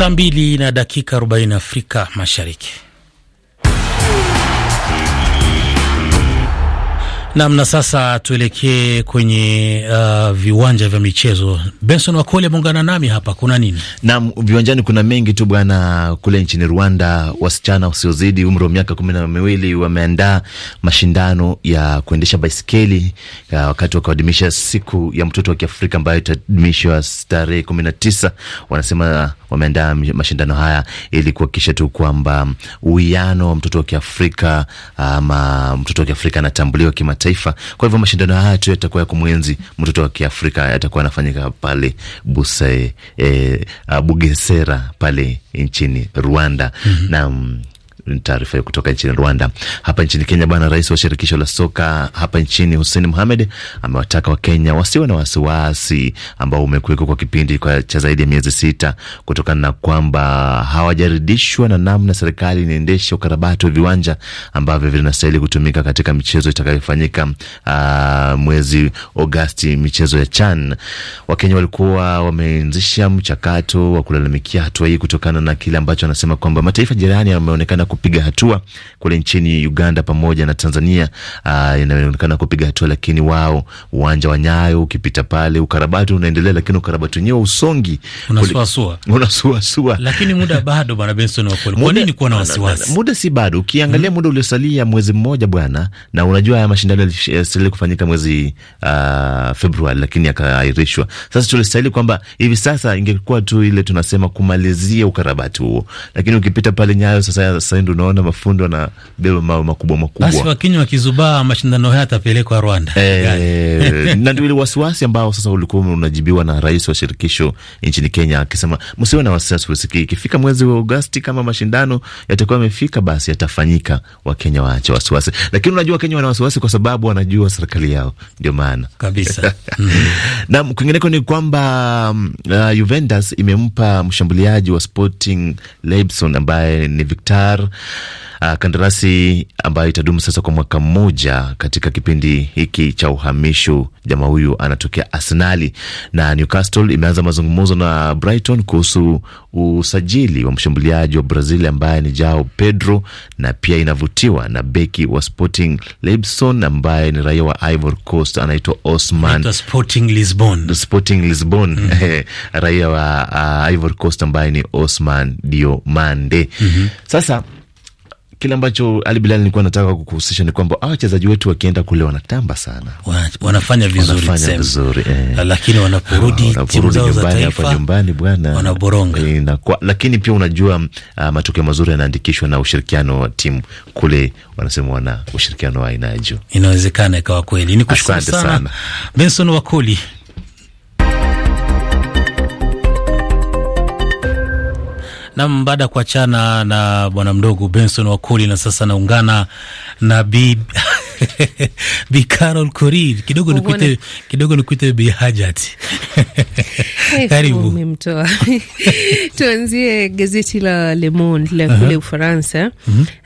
Saa mbili na dakika 40 Afrika Mashariki. Nam, na sasa tuelekee kwenye uh, viwanja vya michezo. Benson Wakoli ameungana nami hapa. Kuna nini? Nam, viwanjani kuna mengi tu bwana. Kule nchini Rwanda, wasichana wasiozidi umri wa miaka kumi na miwili wameandaa mashindano ya kuendesha baiskeli uh, wakati wakiadhimisha siku ya mtoto wa Kiafrika ambayo itaadhimishwa tarehe kumi na tisa. Wanasema wameandaa mashindano haya ili kuhakikisha tu kwamba uwiano wa mtoto wa Kiafrika ama mtoto wa Kiafrika anatambuliwa kimataifa. Kwa hivyo mashindano haya tu yatakuwa ya kumwenzi mtoto wa Kiafrika, yatakuwa yanafanyika pale Buse, e, Bugesera pale nchini Rwanda. mm -hmm. Naam. Ni taarifa hiyo kutoka nchini Rwanda. Hapa nchini Kenya bwana, rais wa shirikisho la soka hapa nchini Hussein Mohamed amewataka Wakenya wasiwe na wasiwasi ambao umekuwekwa kwa kipindi cha zaidi ya miezi sita kutokana na kwamba hawajaridhishwa na namna serikali inaendesha ukarabati wa viwanja ambavyo vinastahili kutumika katika michezo itakayofanyika ah, mwezi Agosti, michezo ya CHAN. Wakenya walikuwa wameanzisha mchakato wa kulalamikia hatua hii kutokana na kile ambacho anasema kwamba mataifa jirani yameonekana kupiga hatua kule nchini Uganda pamoja na Tanzania ah, inaonekana kupiga hatua, lakini wao uwanja wa Nyayo ukipita pale ukarabati unaendelea, lakini ukarabati wenyewe usongi, unasuasua unasuasua, lakini muda bado, bwana Benson wa kweli. Kwa nini kuwa na wasiwasi? Muda si bado, ukiangalia hmm, muda uliosalia mwezi mmoja bwana, na unajua haya mashindano yalistahili kufanyika mwezi uh, Februari, lakini yakaahirishwa. Sasa tulistahili kwamba hivi sasa ingekuwa tu ile tunasema kumalizia ukarabati huo, lakini ukipita pale Nyayo sasa uzalendo, unaona mafundo na belo mawe makubwa makubwa, basi wakinywa wakizubaa, mashindano haya yatapelekwa Rwanda e, na ndio ile wasiwasi ambao sasa ulikuwa unajibiwa na rais wa shirikisho nchini Kenya akisema msiwe na wasiwasi usikii ikifika mwezi wa Agosti kama mashindano yatakuwa yamefika, basi yatafanyika, Wakenya waache wasiwasi. Lakini unajua Wakenya wana wasiwasi kwa sababu wanajua serikali yao, ndio maana kabisa na kwingineko ni kwamba mm, uh, Juventus imempa mshambuliaji wa Sporting Leipzig ambaye ni Victor uh, kandarasi ambayo itadumu sasa kwa mwaka mmoja. Katika kipindi hiki cha uhamisho, jamaa huyu anatokea Arsenali na Newcastle imeanza mazungumzo na Brighton kuhusu usajili wa mshambuliaji wa Brazil ambaye ni Jao Pedro, na pia inavutiwa na beki wa Sporting Lisbon ambaye ni raia wa Ivory Coast anaitwa Osman Sporting Lisbon, Sporting Lisbon mm -hmm. raia wa uh, Ivory Coast ambaye ni Osman Diomande mm -hmm. Sasa kile ambacho Ali Bilali nilikuwa nataka kukuhusisha ni kwamba wachezaji wetu wakienda kule wanatamba sana, wanafanya vizuri, wanafanya vizuri eh, lakini ah, wanaporudi timu zao za taifa nyumbani bwana wanaboronga eh, na kwa, lakini pia unajua uh, matokeo mazuri yanaandikishwa na ushirikiano wa timu kule, wanasema wana ushirikiano wa aina ya juu. Inawezekana ikawa kweli. Nikushukuru sana, sana. Benson Wakoli Nam, baada ya kuachana na bwana mdogo Benson Wakoli, na sasa naungana na bi bi Carol Korir. Kidogo nikuite kidogo nikuite bi Hajat. Karibu, umemtoa tuanzie gazeti la Le Monde la kule mhm. uh -huh. Ufaransa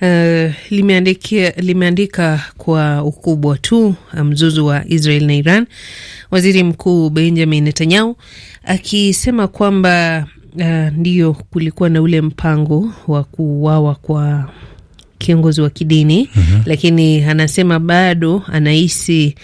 uh, limeandikia limeandika kwa ukubwa tu uh, mzozo wa Israel na Iran, waziri mkuu Benjamin Netanyahu akisema kwamba uh, eh, ndio kulikuwa na ule mpango wa kuuawa kwa kiongozi wa kidini mm -hmm. Lakini anasema bado anahisi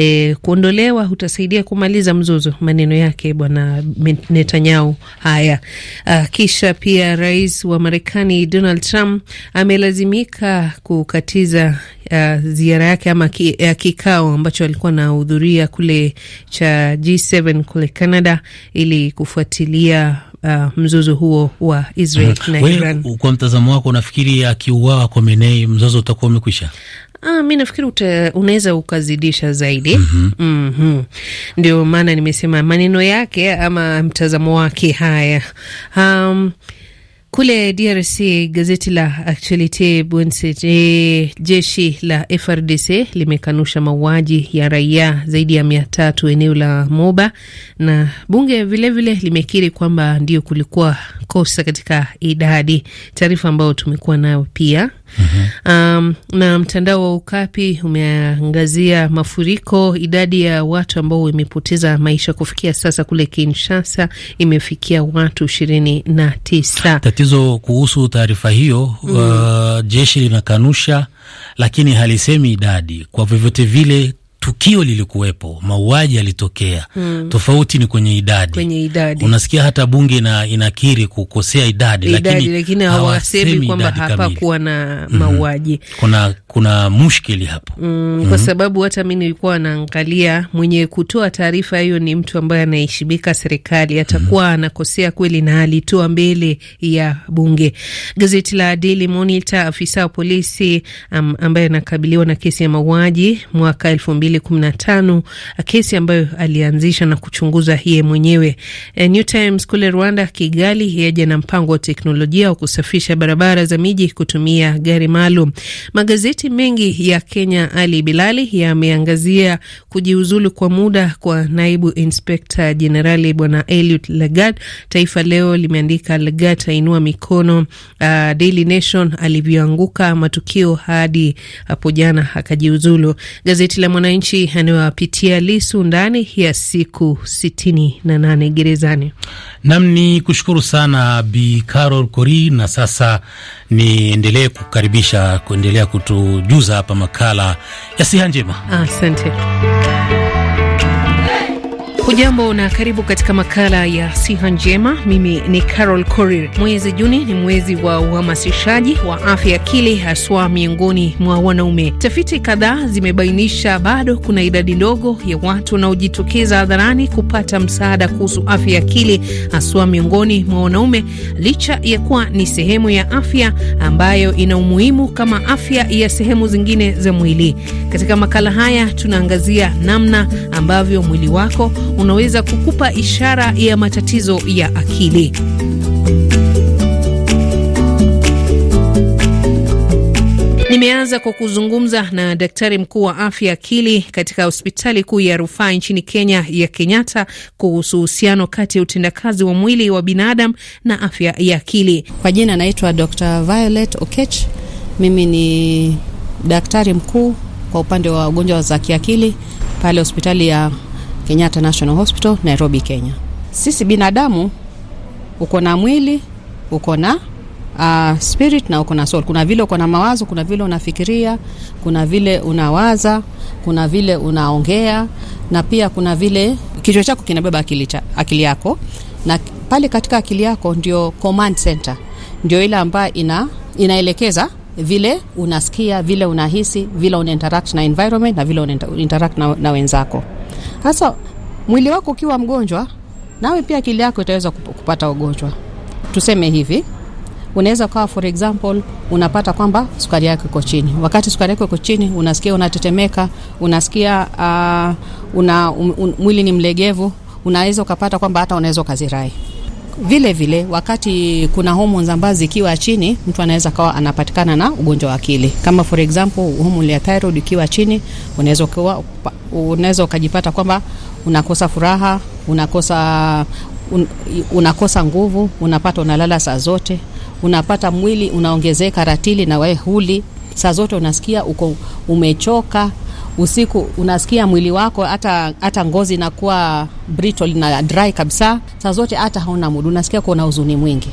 E, kuondolewa utasaidia kumaliza mzozo. Maneno yake bwana Netanyahu haya. A, ah, kisha pia rais wa Marekani Donald Trump amelazimika kukatiza a, ah, ziara yake ama ki, a, kikao ambacho alikuwa anahudhuria kule cha G7 kule Canada ili kufuatilia uh, mzozo huo wa Israel mm, na Iran. Kwa mtazamo wako, unafikiri akiuawa Khamenei mzozo utakuwa umekwisha? Ah, mi nafikiri unaweza ukazidisha zaidi. mm -hmm. mm -hmm. Ndio maana nimesema maneno yake ama mtazamo wake haya um, kule DRC gazeti la Actualite e, jeshi la FRDC limekanusha mauaji ya raia zaidi ya mia tatu eneo la Moba, na bunge vilevile vile limekiri kwamba ndio kulikuwa kukosa katika idadi, taarifa ambayo tumekuwa nayo pia. Mhm. Um, na mtandao wa Ukapi umeangazia mafuriko. Idadi ya watu ambao wamepoteza maisha kufikia sasa kule Kinshasa imefikia watu ishirini na tisa. Tatizo kuhusu taarifa hiyo mm. Uh, jeshi linakanusha, lakini halisemi idadi kwa vyovyote vile tukio lilikuwepo, mauaji yalitokea mm. Tofauti ni kwenye idadi. Kwenye idadi unasikia hata bunge na inakiri kukosea idadi, idadi lakini, lakini hawasemi kwamba hapakuwa na mhm. mauaji mm -hmm. Kuna, kuna mushkili hapo mm, mm -hmm. Kwa mhm. sababu hata mimi nilikuwa naangalia mwenye kutoa taarifa hiyo ni mtu ambaye anaheshimika serikali atakuwa mm -hmm. anakosea kweli na alitoa mbele ya bunge. Gazeti la Daily Monitor, afisa wa polisi um, ambaye anakabiliwa na kesi ya mauaji mwaka elfu mbili 2015, kesi ambayo alianzisha na kuchunguza yeye mwenyewe. E, New Times kule Rwanda, Kigali, yaja na mpango wa teknolojia wa kusafisha barabara za miji kutumia gari maalum. Magazeti mengi ya Kenya, Ali Bilali, yameangazia kujiuzulu kwa muda kwa naibu inspekta jenerali Bwana Eliud Lagat. Taifa Leo limeandika Lagat ainua mikono. Uh, Daily Nation alivyoanguka matukio hadi hapo jana akajiuzulu. Gazeti la Mwananchi nchi anayowapitia Lisu ndani ya siku sitini na nane gerezani. Nam ni kushukuru sana Bi Carol Kori, na sasa niendelee kukaribisha kuendelea kutujuza hapa makala ya siha njema. Asante ah, Hujambo na karibu katika makala ya siha njema. Mimi ni Carol Korir. Mwezi Juni ni mwezi wa uhamasishaji wa afya akili, haswa miongoni mwa wanaume. Tafiti kadhaa zimebainisha bado kuna idadi ndogo ya watu wanaojitokeza hadharani kupata msaada kuhusu afya akili, haswa miongoni mwa wanaume, licha ya kuwa ni sehemu ya afya ambayo ina umuhimu kama afya ya sehemu zingine za mwili. Katika makala haya tunaangazia namna ambavyo mwili wako unaweza kukupa ishara ya matatizo ya akili. Nimeanza kwa kuzungumza na daktari mkuu wa afya akili katika hospitali kuu ya rufaa nchini Kenya ya Kenyatta kuhusu uhusiano kati ya utendakazi wa mwili wa binadamu na afya ya akili. Kwa jina naitwa Dr. Violet Okech. Mimi ni daktari mkuu kwa upande wa wagonjwa za kiakili pale hospitali ya Kenyatta National Hospital, Nairobi, Kenya. Sisi binadamu uko na mwili, uko na uh, spirit na uko na soul. Kuna vile uko na mawazo, kuna vile unafikiria, kuna vile unawaza, kuna vile unaongea na pia kuna vile kichwa chako kinabeba akili, cha, akili yako na pale katika akili yako ndio command center, ndio ile ambayo ina, inaelekeza vile unasikia, vile unahisi, vile una interact na environment na vile una interact na, na wenzako. Sasa mwili wako ukiwa mgonjwa, nawe pia akili yako itaweza kupata ugonjwa. Tuseme hivi, unaweza kawa for example unapata kwamba sukari yako iko chini. Wakati sukari yako iko chini, unasikia unatetemeka, unasikia uh, una, um, um, mwili ni mlegevu, unaweza ukapata kwamba hata unaweza ukazirai. Vile vile wakati kuna homoni ambazo zikiwa chini, mtu anaweza kawa anapatikana na ugonjwa wa akili. Kama for example homoni ya thyroid ikiwa chini, unaweza kuwa unaweza ukajipata kwamba unakosa furaha, unakosa un, unakosa nguvu, unapata unalala saa zote, unapata mwili unaongezeka ratili na wewe huli saa zote, unasikia uko umechoka usiku unasikia mwili wako hata hata ngozi inakuwa brittle na dry kabisa, saa zote, hata hauna mudu, unasikia kuna huzuni mwingi.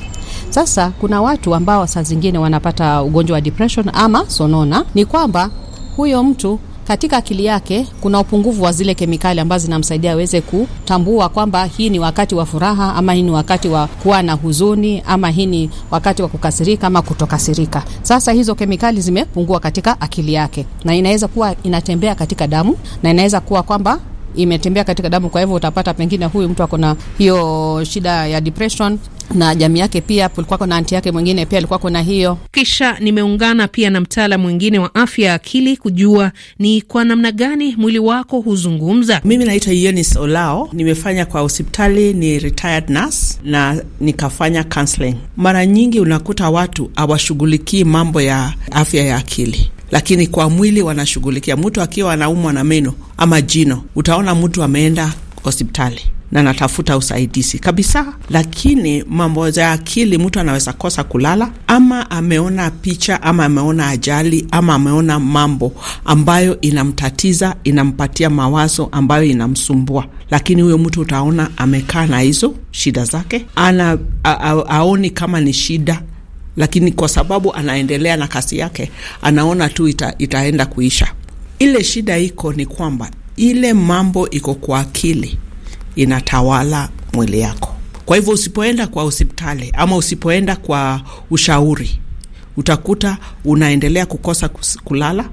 Sasa kuna watu ambao saa zingine wanapata ugonjwa wa depression ama sonona, ni kwamba huyo mtu katika akili yake kuna upungufu wa zile kemikali ambazo zinamsaidia aweze kutambua kwamba hii ni wakati wa furaha ama hii ni wakati wa kuwa na huzuni ama hii ni wakati wa kukasirika ama kutokasirika. Sasa hizo kemikali zimepungua katika akili yake, na inaweza kuwa inatembea katika damu na inaweza kuwa kwamba imetembea katika damu. Kwa hivyo utapata pengine huyu mtu akona hiyo shida ya depression na jamii yake pia kulikuwa na anti yake mwingine pia alikuwa kuna hiyo. Kisha nimeungana pia na mtaalamu mwingine wa afya ya akili kujua ni kwa namna gani mwili wako huzungumza. Mimi naitwa Yonis Olao, nimefanya kwa hospitali, ni retired nurse na nikafanya counseling. Mara nyingi unakuta watu hawashughulikii mambo ya afya ya akili, lakini kwa mwili wanashughulikia. Mtu akiwa anaumwa na meno ama jino, utaona mtu ameenda hospitali na natafuta usaidizi kabisa, lakini mambo ya akili, mtu anaweza kosa kulala, ama ameona picha, ama ameona ajali, ama ameona mambo ambayo inamtatiza, inampatia mawazo ambayo inamsumbua. Lakini huyo mtu utaona amekaa na hizo shida zake, ana a, a, aoni kama ni shida lakini kwa sababu anaendelea na kazi yake, anaona tu ita, itaenda kuisha. Ile shida iko ni kwamba ile mambo iko kwa akili inatawala mwili yako. Kwa hivyo usipoenda kwa hospitali ama usipoenda kwa ushauri, utakuta unaendelea kukosa kulala,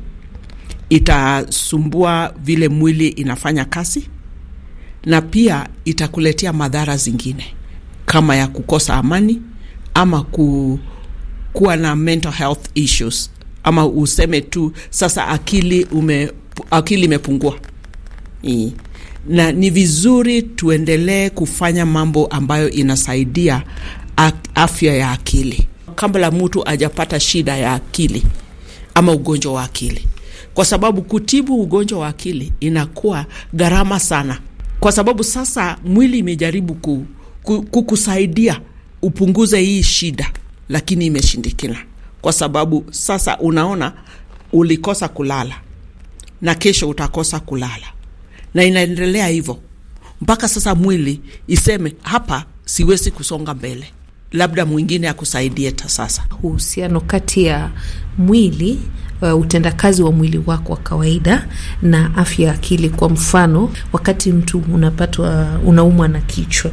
itasumbua vile mwili inafanya kazi, na pia itakuletea madhara zingine kama ya kukosa amani ama ku kuwa na mental health issues, ama useme tu sasa akili ume, akili imepungua Na ni vizuri tuendelee kufanya mambo ambayo inasaidia afya ya akili kabla mtu ajapata shida ya akili ama ugonjwa wa akili, kwa sababu kutibu ugonjwa wa akili inakuwa gharama sana, kwa sababu sasa mwili imejaribu ku, ku, kukusaidia upunguze hii shida lakini imeshindikana, kwa sababu sasa unaona ulikosa kulala na kesho utakosa kulala, na inaendelea hivyo mpaka sasa mwili iseme hapa siwezi kusonga mbele labda mwingine akusaidie. Ta sasa uhusiano kati ya mwili Uh, utendakazi wa mwili wako wa kawaida na afya ya akili. Kwa mfano, wakati mtu unapatwa unaumwa na kichwa,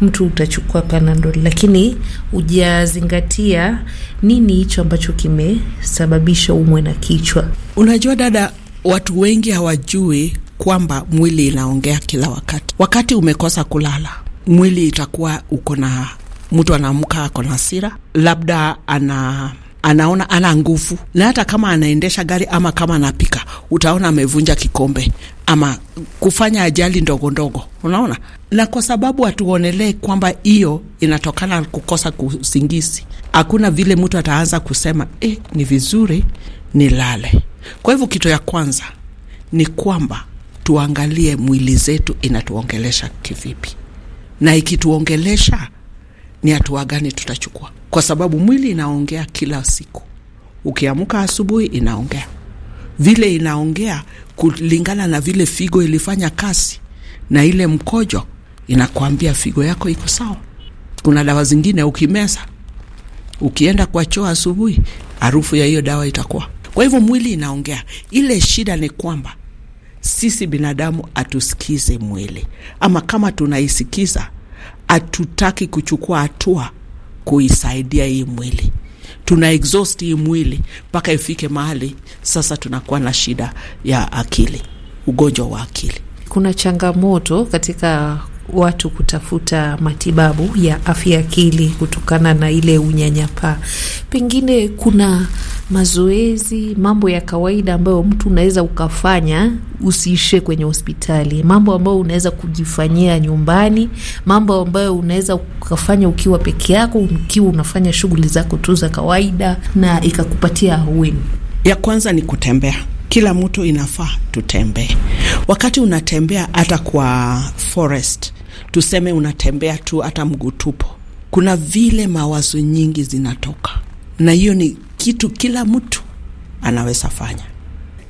mtu utachukua Panadol, lakini hujazingatia nini hicho ambacho kimesababisha umwe na kichwa. Unajua dada, watu wengi hawajui kwamba mwili inaongea kila wakati. Wakati umekosa kulala, mwili itakuwa uko na mtu anaamka ako na hasira, labda ana anaona ana nguvu, na hata kama anaendesha gari ama kama anapika, utaona amevunja kikombe ama kufanya ajali ndogo ndogo, unaona. Na kwa sababu hatuonelee kwamba hiyo inatokana kukosa kusingizi, hakuna vile mtu ataanza kusema eh, ni vizuri nilale. Kwa hivyo kitu ya kwanza ni kwamba tuangalie mwili zetu inatuongelesha kivipi, na ikituongelesha ni hatua gani tutachukua, kwa sababu mwili inaongea kila siku. Ukiamka asubuhi inaongea vile, inaongea kulingana na vile figo ilifanya kazi na ile mkojo inakwambia figo yako iko sawa. Kuna dawa zingine ukimeza, ukienda kwa choo asubuhi, harufu ya hiyo dawa itakuwa. Kwa hivyo mwili inaongea. Ile shida ni kwamba sisi binadamu hatusikize mwili, ama kama tunaisikiza hatutaki kuchukua hatua kuisaidia hii mwili tuna exhaust hii mwili mpaka ifike mahali sasa tunakuwa na shida ya akili, ugonjwa wa akili. Kuna changamoto katika watu kutafuta matibabu ya afya akili kutokana na ile unyanyapaa. Pengine kuna mazoezi, mambo ya kawaida ambayo mtu unaweza ukafanya, usiishie kwenye hospitali, mambo ambayo unaweza kujifanyia nyumbani, mambo ambayo unaweza ukafanya ukiwa peke yako, ukiwa unafanya shughuli zako tu za kawaida, na ikakupatia ahueni. Ya kwanza ni kutembea. Kila mtu inafaa tutembee. Wakati unatembea hata kwa forest tuseme unatembea tu hata mguu tupo, kuna vile mawazo nyingi zinatoka, na hiyo ni kitu kila mtu anaweza fanya.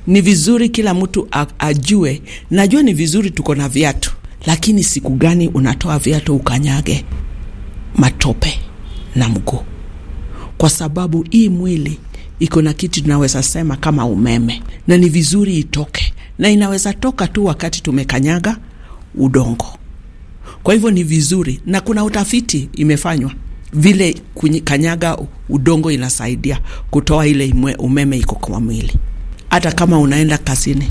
Ni vizuri kila mtu ajue. Najua ni vizuri tuko na viatu, lakini siku gani unatoa viatu ukanyage matope na mguu? Kwa sababu hii mwili iko na kitu tunaweza sema kama umeme, na ni vizuri itoke, na inaweza toka tu wakati tumekanyaga udongo. Kwa hivyo ni vizuri, na kuna utafiti imefanywa vile kanyaga udongo inasaidia kutoa ile umeme iko kwa mwili. Hata kama unaenda kazini,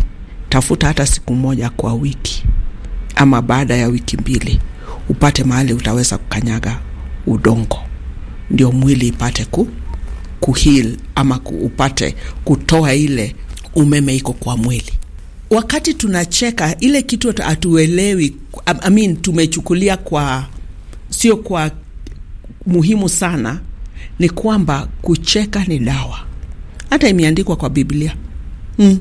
tafuta hata siku moja kwa wiki ama baada ya wiki mbili, upate mahali utaweza kukanyaga udongo, ndio mwili ipate ku kuheal ama ku, upate kutoa ile umeme iko kwa mwili. Wakati tunacheka ile kitu hatuelewi I mean, tumechukulia kwa sio kwa muhimu sana, ni kwamba kucheka ni dawa, hata imeandikwa kwa Biblia mm.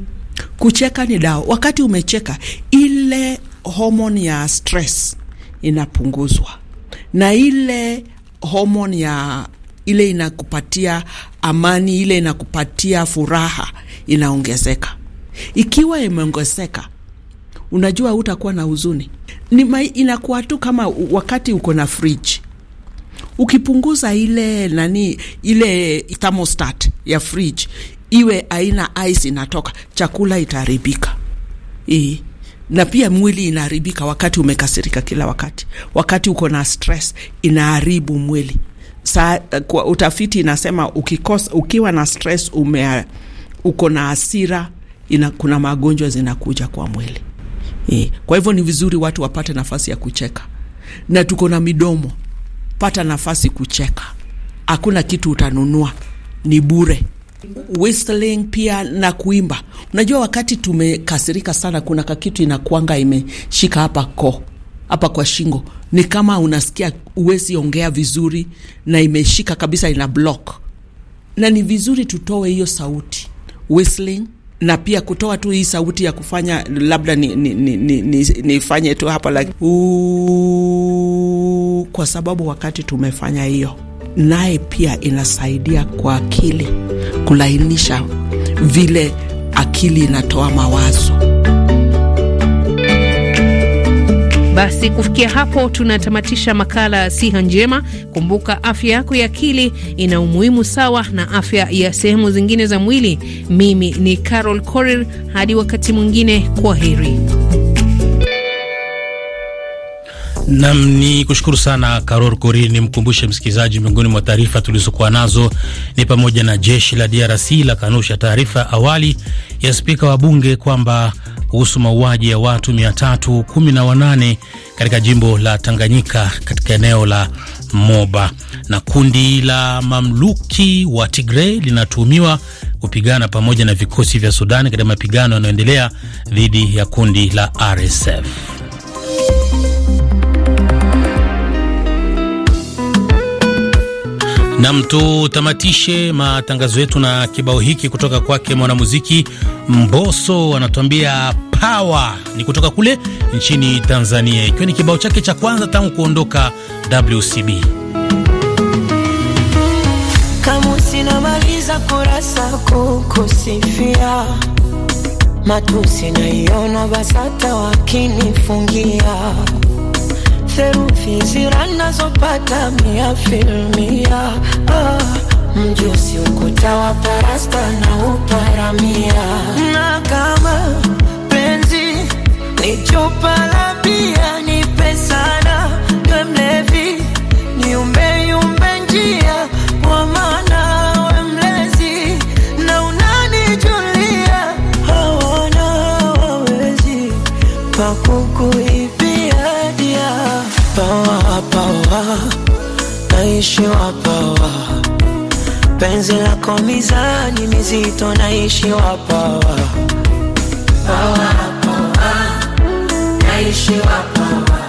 Kucheka ni dawa. Wakati umecheka, ile homoni ya stress inapunguzwa na ile homoni ya ile inakupatia amani, ile inakupatia furaha inaongezeka. Ikiwa imeongezeka, unajua hutakuwa na huzuni ni inakuwa tu kama wakati uko na fridge ukipunguza ile nani ile thermostat ya fridge iwe aina ice inatoka, chakula itaharibika e. Na pia mwili inaharibika wakati umekasirika kila wakati, wakati uko na stress inaharibu mwili. Sa, kwa utafiti inasema ukikosa, ukiwa na stress ume, uko na hasira ina, kuna magonjwa zinakuja kwa mwili. E, kwa hivyo ni vizuri watu wapate nafasi ya kucheka, na tuko na midomo. Pata nafasi kucheka, hakuna kitu utanunua, ni bure. Whistling pia na kuimba. Unajua, wakati tumekasirika sana, kuna kakitu inakuanga imeshika hapa ko hapa kwa shingo, ni kama unasikia uwezi ongea vizuri, na imeshika kabisa, ina block, na ni vizuri tutoe hiyo sauti whistling na pia kutoa tu hii sauti ya kufanya labda nifanye ni, ni, ni, ni tu hapa like, uu, kwa sababu wakati tumefanya hiyo naye pia inasaidia kwa akili kulainisha vile akili inatoa mawazo. Basi kufikia hapo tunatamatisha makala ya siha njema. Kumbuka afya yako ya akili ina umuhimu sawa na afya ya sehemu zingine za mwili. Mimi ni Carol Korir, hadi wakati mwingine, kwa heri. Nam ni kushukuru sana Karor Kori. Ni mkumbushe msikilizaji, miongoni mwa taarifa tulizokuwa nazo ni pamoja na jeshi la DRC la kanusha taarifa awali ya spika wa bunge kwamba kuhusu mauaji ya watu 318 katika jimbo la Tanganyika katika eneo la Moba. Na kundi la mamluki wa Tigray linatuhumiwa kupigana pamoja na vikosi vya Sudani katika mapigano yanayoendelea dhidi ya kundi la RSF. Nam, tutamatishe matangazo yetu na kibao hiki kutoka kwake mwanamuziki Mboso, anatuambia pawa ni kutoka kule nchini Tanzania, ikiwa ni kibao chake cha kwanza tangu kuondoka WCB. Kama sinamaliza kurasa kukusifia, matusi naiona, wakinifungia serufi zira mia filmia ah, mjusi ukuta wa parasta na uparamia na kama penzi ni chupa la bia ni pesa hapa, naishi wapawa, penzi lako mizani mizito, naishi wapawa, naishi wapawa,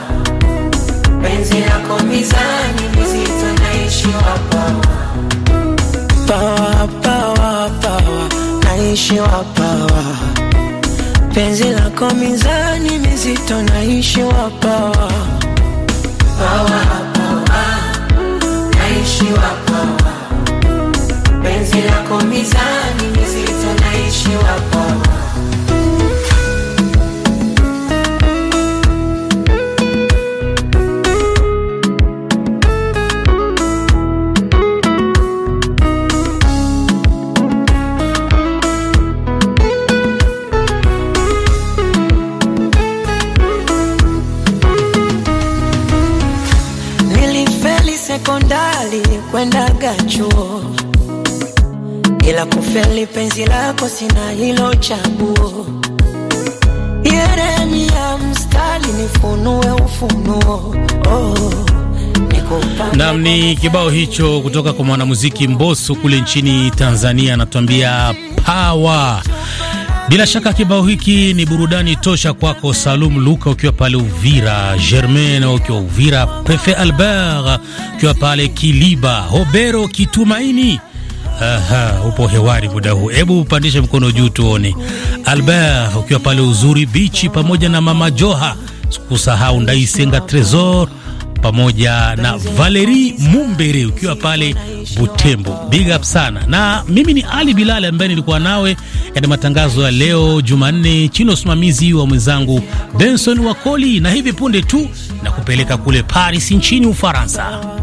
penzi lako mizani mizito, naishi wapawa, pawa pawa penzi lako mizani naishi wapawa pawa naishi wako, penzi lako mizani mizito, naishi wako chaguo, ila kufeli penzi lako sina hilo chaguo. Yeremia mstari nifunue ufunuo oh. Nam ni kibao hicho kutoka kwa mwanamuziki Mbosso kule nchini Tanzania, anatuambia pawa. Bila shaka kibao hiki ni burudani tosha kwako, Salum Luka ukiwa pale Uvira, Germain ukiwa Uvira, Prefet Albert ukiwa pale Kiliba, Hobero Kitumaini. Aha, upo hewani muda huu, hebu upandishe mkono juu tuone. Albert ukiwa pale Uzuri Bichi pamoja na Mama Joha, sikusahau Ndaisenga Tresor pamoja na Valerie Mumbere ukiwa pale Butembo, big up sana. Na mimi ni Ali Bilali ambaye nilikuwa nawe katika matangazo ya leo Jumanne, chini ya usimamizi wa mwenzangu Benson Wakoli, na hivi punde tu na kupeleka kule Paris nchini Ufaransa.